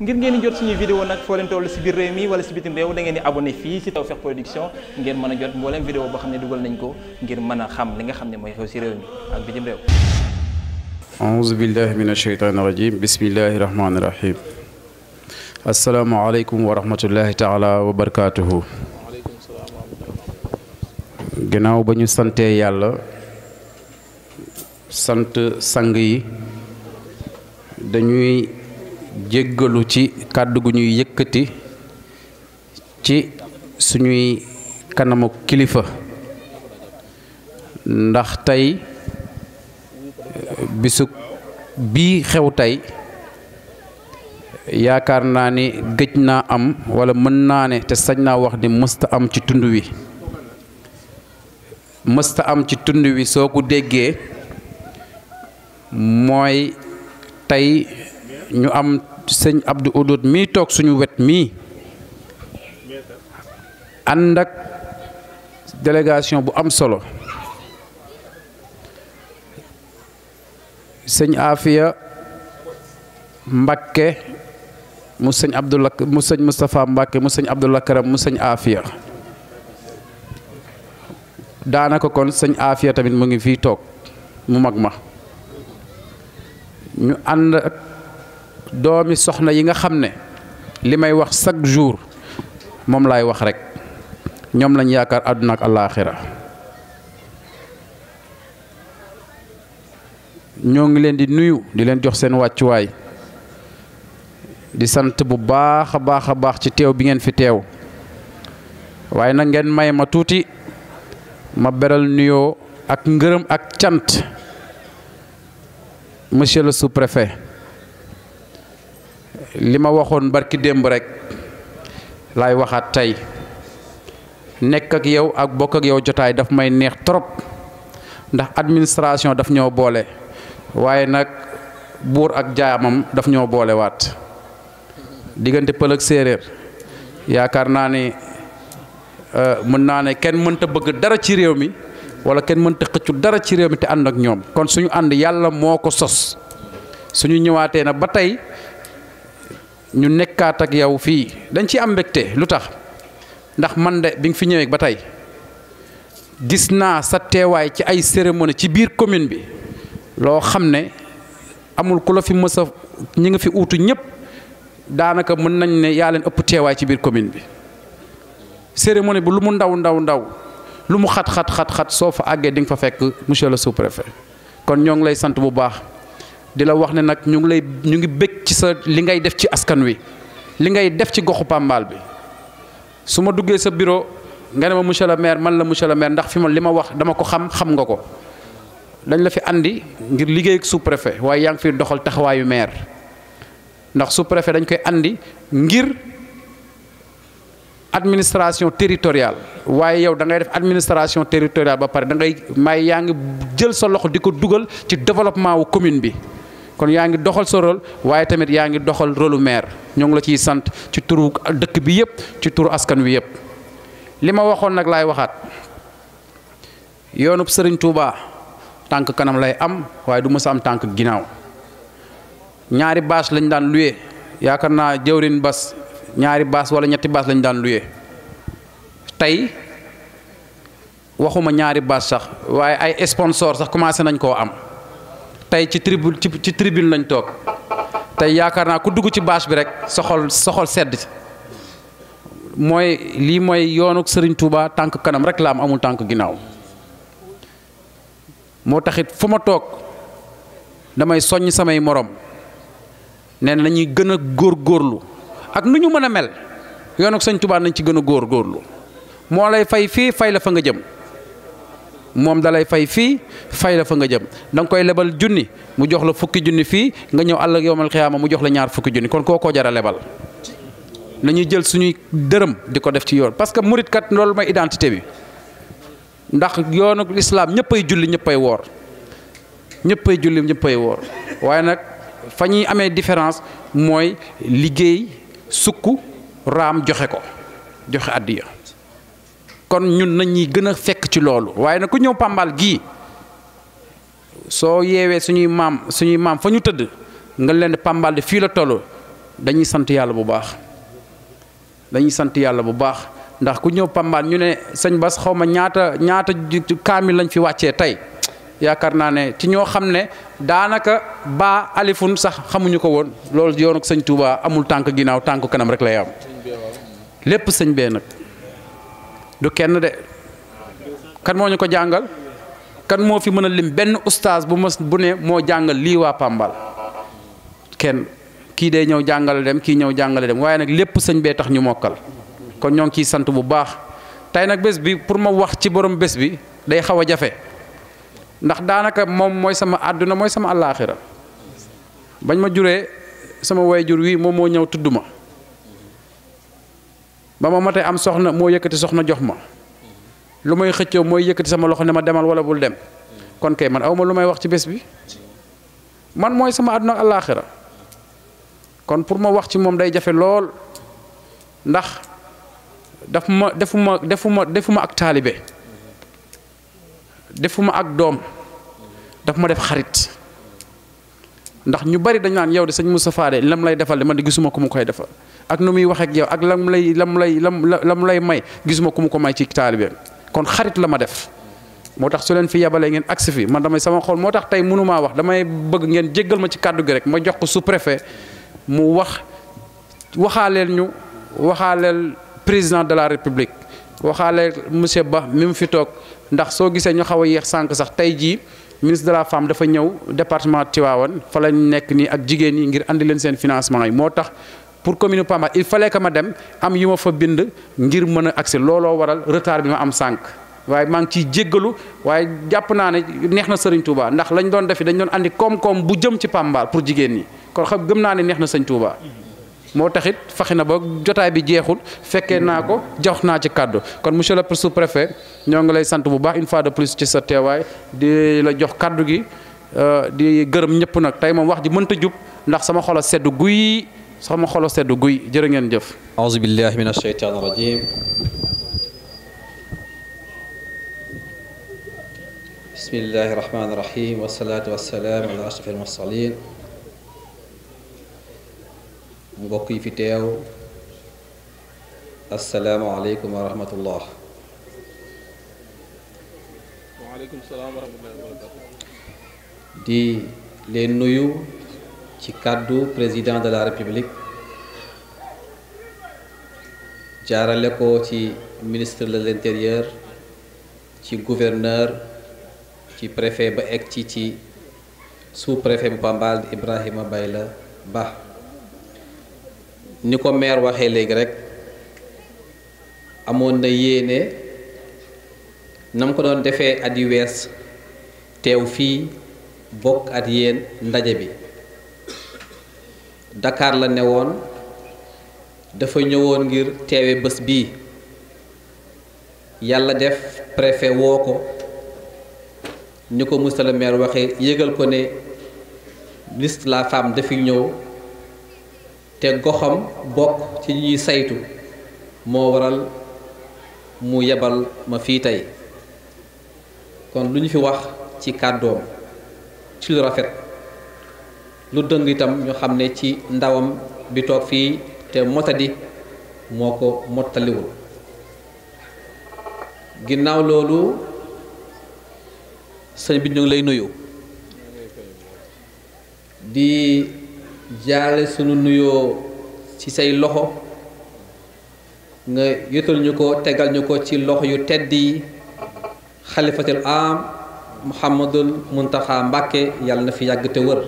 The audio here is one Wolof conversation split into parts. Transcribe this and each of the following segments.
ngir ngeen di jot suñuy vidéo nag foo leen toll si biir réew mi wala si bitim réew da ngeen di abonné fii si Tawfekh Production ngeen mën a jot mbooleem vidéo boo xam ne dugal nañ ko ngir mën a xam li nga xam ne mooy xew si réew mi ak bitim réew aouzu billahi min asheytaani rajim bismillahi rahmaani rahim asalaamaaleykum wa rahmatullahi taala wa barakaatuhu ginnaaw ba ñu santee yàlla sant sang yi dañuy jéggalu ci kàddu gu ñuy yëkkati ci suñuy kanamu kilifa ndax tey eh, bisug bii xew tey yaakaar naa ni gëj naa am walla mën naa ne te sañ naa wax ni mësta am ci tund wi mësta am ci tund wi soo ko déggee mooy tey ñu am sëñ Abdou Odoot mii toog suñu wet mii ànd ak délégation bu am solo sëñ Afia Mbakke mu sëñ Abdoul mu sëñ Moustapha Mbakke mu sëñ Abdoul Karam mu sëñ Afia daanaka kon sëñ Afia tamit mu ngi fii toog mu mag ma ñu ànd ak doomi soxna yi nga xam ne li may wax chaque jour moom laay wax rek ñoom lañ yaakaar àdduna ak àllaaxira ñoo ngi leen di nuyu di leen jox seen wàccuwaay di sant bu baax a baax a baax ci teew bi ngeen fi teew waaye nag ngeen may ma tuuti ma beral nuyoo ak ngërëm ak cant monsieur le sous li ma waxoon barki démb rek laay waxaat tey nekk ak yow ak bokk ak yow jotaay dafa may neex trop ndax administration daf ñoo boole waaye nag buur ak jaamam daf ñoo boole waat diggante pël ak séeréer yaakaar naa ne euh, mën naa ne kenn mënta bëgg dara ci réew mi wala kenn mënta xëccu dara ci réew mi te ànd ak ñoom kon suñu ànd yàlla moo ko sos suñu ñëwaatee na ba tey ñu nekkaat ak yow fii dañ ci am mbégte lu tax ndax man de bi nga fi ñëwee ba tey gis naa sa teewaay ci ay cérémonie ci biir commune bi loo xam ne amul ku la fi mës a ñi nga fi uutu ñëpp daanaka mën nañ ne yaa leen ëpp teewaay ci biir commune bi cérémonie bi lu mu ndaw ndaw ndaw lu mu xat xat xat soo fa àggee di nga fa fekk monsieur le sous-préfet kon ñoo ngi lay sant bu baax. di la wax ne nag ñu ngi lay ñu ngi bëgg ci sa li ngay def ci askan wi li ngay def ci goxu Pàmbaal bi su ma duggee sa bureau nga ne ma monsieur le maire man la monsieur le maire ndax fi ma li ma wax dama ko xam xam nga ko dañ la fi àndi ngir liggéey ak sous préfet waaye yaa ngi fiy doxal taxawaayu maire ndax sous préfet dañ koy andi ngir administration territoriale waaye yow da ngay def administration territoriale ba pare da ngay may yaa ngi jël sa loxo di ko dugal ci développement wu commune bi. kon yaa ngi doxal sa rôle waaye tamit yaa ngi doxal rôle lu maire ñoo ngi la ciy sant ci turu dëkk bi yëpp ci turu askan wi yëpp. li ma waxoon nag laay waxaat yoonub sëriñ tuuba tànk kanam lay am waaye du mës am tànk ginnaaw ñaari bâche lañ daan luye yaakaar naa jëwrin bas ñaari bâche wala ñetti bâche lañ daan luye tey. waxuma ñaari baas sax waaye ay sponsor sax commencé nañ koo am tey ci tribune ci tribune lañ toog tey yaakaar naa ku dugg ci bâche bi rek soxol soxol sedd mooy lii mooy yoonu sëriñ Touba tànk kanam rek la amul tànk ginnaaw moo taxit fu ma toog damay soññ samay moroom nee na ñuy gën a góorgóorlu ak nu ñu mën a mel yoonu Serigne Touba nañ ci gën a góorlu moo lay fay fii fay la fa nga jëm. moom dalay fay fii fay la fa nga jëm da nga koy lebal junni mu jox la fukki junni fii nga ñëw àll yowmal xiyaama mu jox la ñaar fukki junni kon koo ko jara lebal nañuy jël suñuy dërëm di ko def ci yoon parce que murit kat loolu mooy identité bi ndax yoonu lislaam ñëppay julli ñëppay woor ñëppay julli ñëppay woor waaye nag fa ñuy amee différence mooy liggéey sukk raam joxe ko joxe àddiya kon ñun nañ ñuy gën a fekk ci loolu waaye nag ku ñëw Pambal gii soo yeewee suñuy maam suñuy maam fa ñu tëdd nga leen Pambal de fii la toll dañuy sant yàlla bu baax dañuy sant yàlla bu baax ndax ku ñëw Pambal ñu ne sëñ ba xaw ma ñaata ñaata kaamil lañ fi wàccee tey yaakaar naa ne ci ñoo xam ne daanaka baa alifun sax xamuñu ko woon loolu yoonu sëñ tuubaa amul tànk ginnaaw tànk kanam rek lay am lépp sëñ bee nag. du kenn de kan moo ñu ko jàngal kan moo fi mën a lim benn ustaas bu ma bu ne moo jàngal lii waa Pambal kenn kii day ñëw jàngale dem kii ñëw jàngale dem waaye nag lépp sëñ bee tax ñu mokkal kon ñoo ngi sant bu baax tey nag bés bi pour ma wax ci borom bés bi day xaw a jafe ndax daanaka moom mooy sama àdduna mooy sama àllaaxira bañ ma juree sama way jur wii moom moo ñëw tudd ma ba ma matee am soxna moo yëkkati soxna jox ma lu may xëccoo mooy yëkkati sama loxo ne ma demal wala bul dem kon kay man aw ma lu may wax ci bés bi man mooy sama àdduna ak àllaaxira kon pour ma wax ci moom day jafe lool ndax daf ma defuma defuma defuma ak taalibe defuma ak doom daf ma def xarit ndax ñu bari dañ naan yow de sëñ Moustapha de lam lay defal de ma di gisuma ko mu koy defal ak nu muy wax ak yow ak lam lay lam lay lam lam lay may gisuma ku mu ko may ci taalibe kon xarit la ma def moo tax su leen fi yebalee ngeen agsi fi ma damay sama xool moo tax tey mënumaa wax damay bëgg ngeen jëggal ma ci kàddu gi rek ma jox ko sous-préfet mu wax waxaaleel ñu waxaaleel président de la république waxaaleel monsieur Ba mi mu fi toog ndax soo gisee ñu xaw a yéex sànq sax tey jii ministre de la femme dafa ñëw département Tivaouane fa lañ nekk nii ak jigéen ñi ngir andi leen seen financement yi moo tax pour commune Pambal il fallait que ma dem am yu ma fa bind ngir mën a accès looloo waral retard bi ma am sànq waaye maa ngi ciy jéggalu waaye jàpp naa ne neex na Serigne Touba ndax lañ doon defi dañ doon andi koom-koom bu jëm ci Pambal pour jigéen ñi kon xam gëm naa ne neex na Serigne Touba. moo taxit faxi na ba jotaay bi jeexul fekkee naa ko jox naa ci kàddu kon monsieur le sous-préfet ñoo ngi lay sant bu baax une fois de plus ci sa teewaay di la jox kàddu gi euh, di gërëm ñëpp nag tey moom wax ji mënta jub ndax sama xol sedd sama xolo sedd guy jërë ngeen jëf aouzu billahi min asheytaan rajim bismillahi rahmani rahim wasalaatu wasalaam ala ashraf almursalin mbokk yi fi teew asalaamualeykum wa rahmatullah waaleykum salaam wa rahmatullah di leen nuyu ci kàddu président de la république jaarale ko ci ministre de l'intérieur ci gouverneur ci préfet ba egg ci ci sous-préfet bu Pambal Ibrahima la Ba ni ko maire waxee léegi rek amoon na yéene nam ko doon defee at teew fii bokk at yéen ndaje bi dakaar la ne woon dafa ñëwoon ngir teewe bés bii yàlla def préfet woo ko ni ko monsieur meer waxe yëgal ko ne liste la femme ñëw te goxam bokk ci ñuy saytu moo waral mu yebal ma fii tey kon lu ñu fi wax ci kàddoom ci lu rafet lu dëng itam ñu xam ne ci ndawam bi toog fii te motadi moo ko mottaliwul ginnaaw loolu sëñ bi ñu lay nuyu di jaare sunu nuyoo ci say loxo nga yëtal ñu ko tegal ñu ko ci loxo yu tedd yi xalifatul am muhammadul taxa mbàkke yàlla na fi yàgg te wër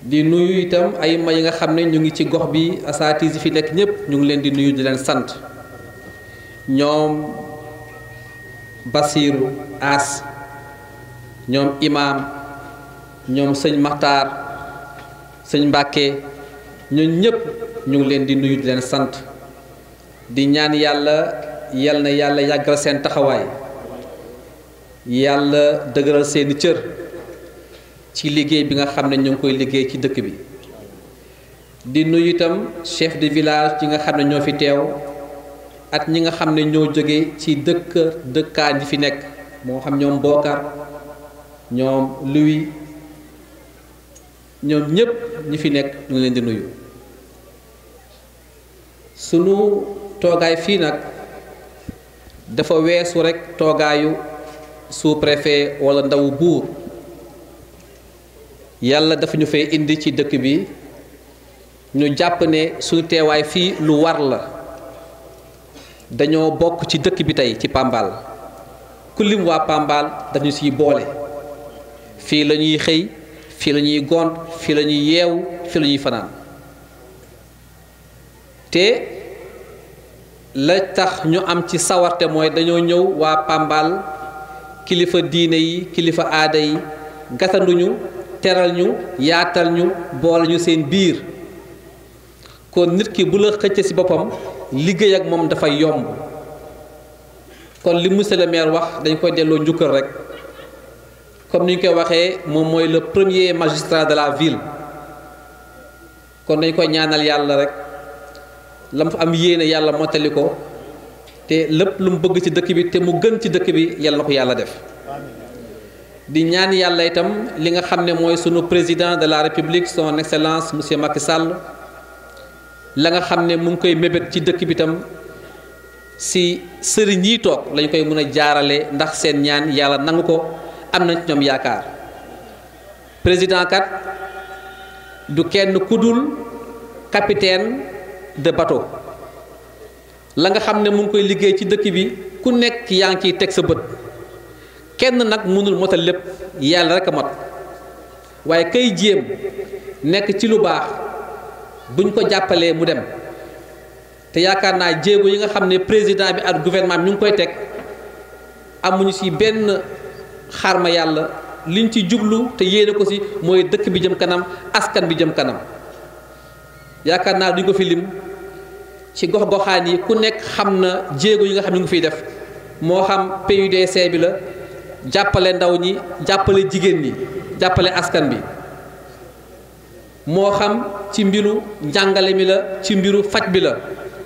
di nuyu itam ay ma yi nga xam ne ñu ngi ci gox bi asaatis yi fi nekk ñëpp ñu ngi leen di nuyu di leen sant ñoom basiiru As ñoom Imaam ñoom sëñ Maxtaar sëñ Mbàkke ñun ñëpp ñu ngi leen di nuyu di leen sant di ñaan yàlla yal na yàlla yàggal seen taxawaay yàlla dëgëral seeni cër. ci liggéey bi nga xam ne ñoo ngi koy liggéey ci dëkk bi di nuyu itam chef de village yi nga xam ne ñoo fi teew ak ñi nga xam ne ñoo jóge ci dëkk dëkkaan yi fi nekk moo xam ñoom Bokar ñoom Louis ñoom ñépp ñi fi nekk ñu ngi leen di nuyu sunu toogaay fii nag dafa weesu rekk toogaayu sous-préfet walla ndawu buur yàlla dafa ñu fay indi ci dëkk bi ñu jàpp ne suñu teewaay fii lu war la dañoo bokk ci dëkk bi tey ci Pambal ku waa Pambal dañu ñu siy boole fii lañuy xëy fii lañuy ñuy gont fii lañuy ñuy yeew fii la fanaan te la tax ñu am ci sawarte mooy dañoo ñëw waa Pambal kilifa diine yi kilifa aada yi gasanduñu teral ñu yaatal ñu boole ñu seen biir kon nit ki bu la xëcc ci boppam liggéey ak moom dafay yomb kon li monsieur le wax dañ koy delloo njukkal rek comme ni ñu koy waxee moom mooy le premier magistrat de la ville kon dañ koy ñaanal yàlla rek la mu fa am yéene yàlla mottali ko te lépp lu mu bëgg ci dëkk bi te mu gën ci dëkk bi yàlla na ko yàlla def di ñaan yàlla itam li nga xam ne mooy sunu président de la république son excellence monsieur Macky Sall la nga xam ne mu ngi koy mébét ci dëkk bi itam si sëriñ yi toog lañ koy mën a jaarale ndax seen ñaan yàlla nangu ko am nañ ñoom yaakaar président kat du kenn ku dul capitaine de bateau la nga xam ne mu ngi koy liggéey ci dëkk bi ku nekk yaa ngi ciy teg sa bët. kenn nag mënul motal lépp yàlla rek a mot waaye kay jéem nekk ci lu baax buñ ko jàppalee mu dem te yaakaar naa jéego yi nga xam ne président bi ak gouvernement bi ñu ngi koy teg amuñu ci benn ma yàlla liñ ci jublu te yéene ko ci mooy dëkk bi jëm kanam askan bi jëm kanam yaakaar naa duñ ko fi lim ci gox goxaan yi ku nekk xam na jéego yi nga xam ne ñu ngi fiy def moo xam PUDC bi la. jàppale ndaw ñi jàppale jigéen ñi jàppale askan bi moo xam ci mbiru jàngale mi la ci mbiru faj bi la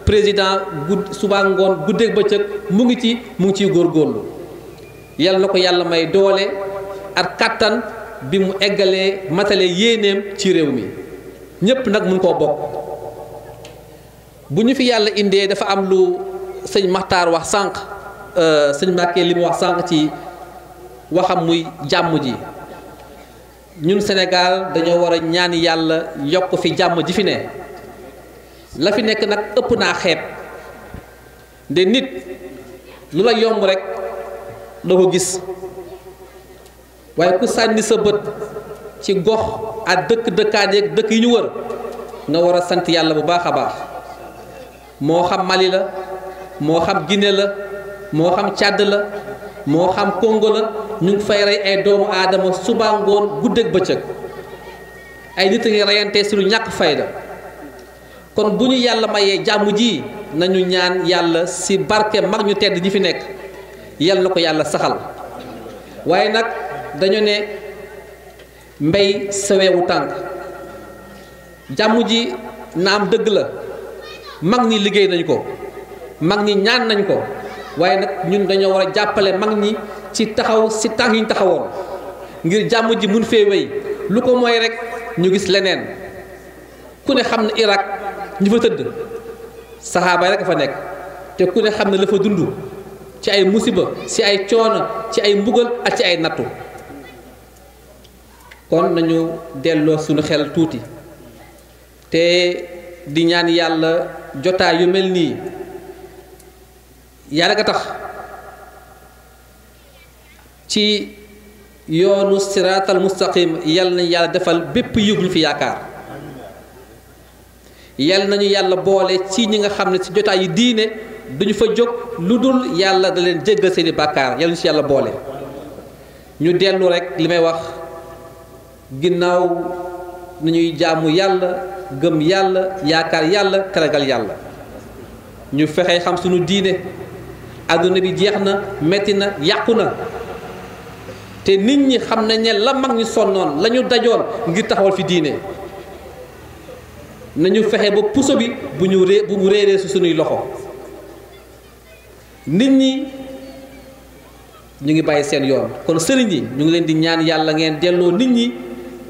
président gudd suba ngoon guddeeg bëccëg mu ngi ci mu ngi ciy góorlu yal na ko yàlla may doole ak kàttan bi mu eggalee matale yéeneem ci réew mi ñépp nag mun koo bokk bu ñu fi yàlla indee dafa am lu sëñ Maxtaar wax sànq euh, sëñ Mbàkke li mu wax sànq ci waxam muy jàmm ji ñun senegaal dañoo war a ñaan yàlla yokk fi jàmm ji fi ne la fi nekk nag ëpp naa xeeb nde nit lu la yomb rekk da ko gis waaye ku sànni sa bët ci gox ak dëkk dëkkaan dëkk yi ñu wër nga war a sant yàlla bu baax a baax moo xam Mali la moo xam Guinée la moo xam càdd la moo xam Congo la ñu ngi fay rey ay doomu aadama suba ngoon guddeeg bëccëg ay nit a ngi reyantee silu ñàkk fayda kon bu ñu yàlla mayee jàmm ji nañu ñaan yàlla si barke mag ñu tedd ñi fi nekk yal na ko yàlla saxal waaye nag dañu ne mbay sawewu tànk jàmm ji naam dëgg la mag ñi liggéey nañ ko mag ñi ñaan nañ ko waaye nag ñun dañoo war a jàppale mag ñi ci taxaw si tànk yi ñu taxawoon ngir jàmm ji mun fee wéy lu ko moy rek ñu gis leneen ku ne xam na Irak ñu fa tëdd saxaaba rek fa nekk te ku ne xam ne la fa dund ci ay musiba ci ay coono ci ay mbugal ak ci ay nattu kon nañu delloo sunu xel tuuti te di ñaan yàlla jotaay yu mel nii yàlla nga tax ci yoonu siraatal mustaqim yal nañu yàlla defal bépp yiw bu ñu fi yaakaar yal nañu yàlla boole ci ñi nga xam ne ci jotaay yi diine duñu fa jóg lu dul yàlla da leen jéggal seeni bàkkaar yal ñu ci yàlla boole ñu dellu rekk li may wax ginnaaw nu ñuy jaamu yàlla gëm yàlla yaakaar yàlla teragal yàlla ñu fexe xam sunu diine àdduna bi jeex na metti na yàqu na te nit ñi xam nañ ne la mag ñi sonnoon la ñu dajoon ngir taxawal fi diine nañu fexe ba puso bi bu ñu ree bu mu réeree su suñuy loxo nit ñi ñu ngi bàyyi seen yoon kon sëriñ yi ñu ngi leen di ñaan yàlla ngeen delloo nit ñi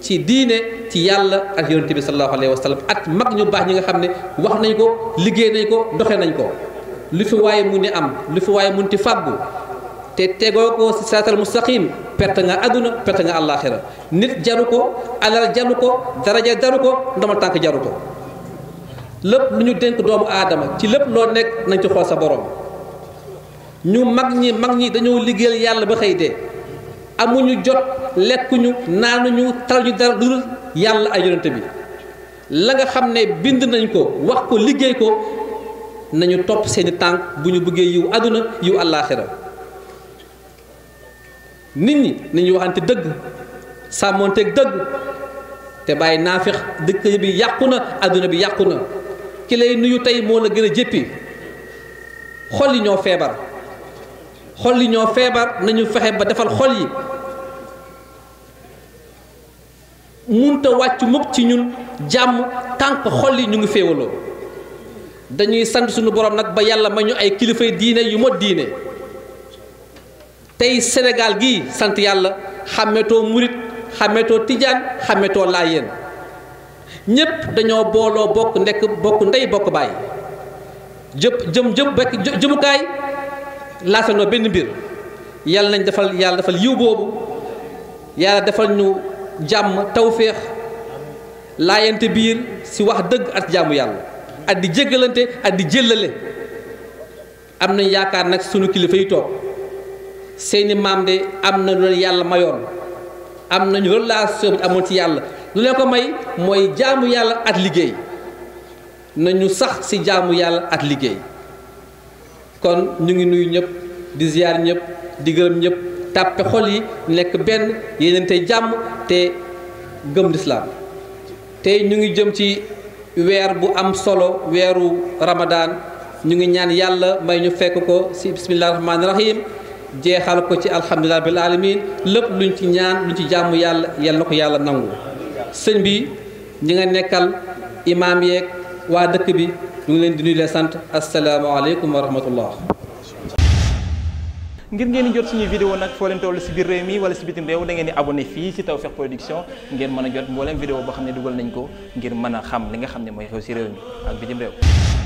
ci diine ci yàlla ak yonent bi sallallahu alayhi wa sallam at mag ñu baax ñi nga xam ne wax nañ ko liggéey nañ ko doxe nañ ko lu fi waaye mu ni am lu fi waaye mun ti fàggu te tegoo ko si saatal mustaqim perte nga àdduna perte nga àllaaxira nit jaru ko alal jaru ko daraja jaru ko ndomal tànk jaru ko lépp lu ñu dénk doomu aadama ci lépp loo nekk nañ ci xool sa boroom ñu mag ñi mag ñi dañoo liggéeyal yàlla ba xëy de amuñu jot lekkuñu naa naanuñu taluñu dara dul yàlla ay yonente bi la nga xam ne bind nañ ko wax ko liggéey ko nañu topp seeni tànk bu ñu bëggee yiw àdduna yiw àllaaxira nit ñi nañu waxante dëgg sàmmonteeg dëgg te bàyyi naafeq dëkk bi yàqu na adduna bi yàqu na ki lay nuyu tey moo la gën a jéppi xol yi ñoo feebar xol yi ñoo feebar nañu fexe ba defal xol yi munta wàcc mukk ci ñun jàmm tànk xol yi ñu ngi féewaloo dañuy sant sunu borom nag ba yàlla ma ñu ay kilifay diine yu ma diine tey senegaal gi sant yàlla xàmmetoo murit xàmmetoo tijaan xàmmetoo laayeen ñépp dañoo booloo bokk ndekk bokk ndey bokk baay jëpp jëm jëm bekk jëmukaay laasanoo benn mbir yàlla nañ defal yàlla defal yiw boobu yàlla defal ñu jàmm tawféex laayante biir si wax dëgg ak jaamu yàlla ak di jéggalante ak di jëlale am nañ yaakaar nag sunu kilifa yi toog seeni maam de am na lu leen yàlla mayoon am nañu relation bi amoon ci yàlla lu leen ko may mooy jaamu yàlla ak liggéey nañu sax ci jaamu yàlla ak liggéey kon ñu ngi nuyu ñëpp di ziyaar ñëpp di gërëm ñëpp tàppe xol yi nekk benn yeneen te jàmm te gëm lislaam tey ñu ngi jëm ci weer bu am solo weeru ramadaan ñu ngi ñaan yàlla may ñu fekk ko ci bismillaahi rahmaani rahim jeexal ko ci alhamdulilah bil alamin lépp luñ ci ñaan luñ ci jàmm yàlla yal na ko yàlla nangu sëñ bi ñi nga nekkal imaam yeeg waa dëkk bi ñu ngi leen di nuyu leen sant asalaamaaleykum wa rahmatullah ngir ngeen di jot suñu vidéo nag foo leen toll si biir réew mi wala si bitim réew da ngeen di abonné fii si taw Tawfekh Production ngeen mën a jot mbooleem vidéo boo xam ne dugal nañ ko ngir mën xam li nga xam ne mooy xew si réew mi ak bitim réew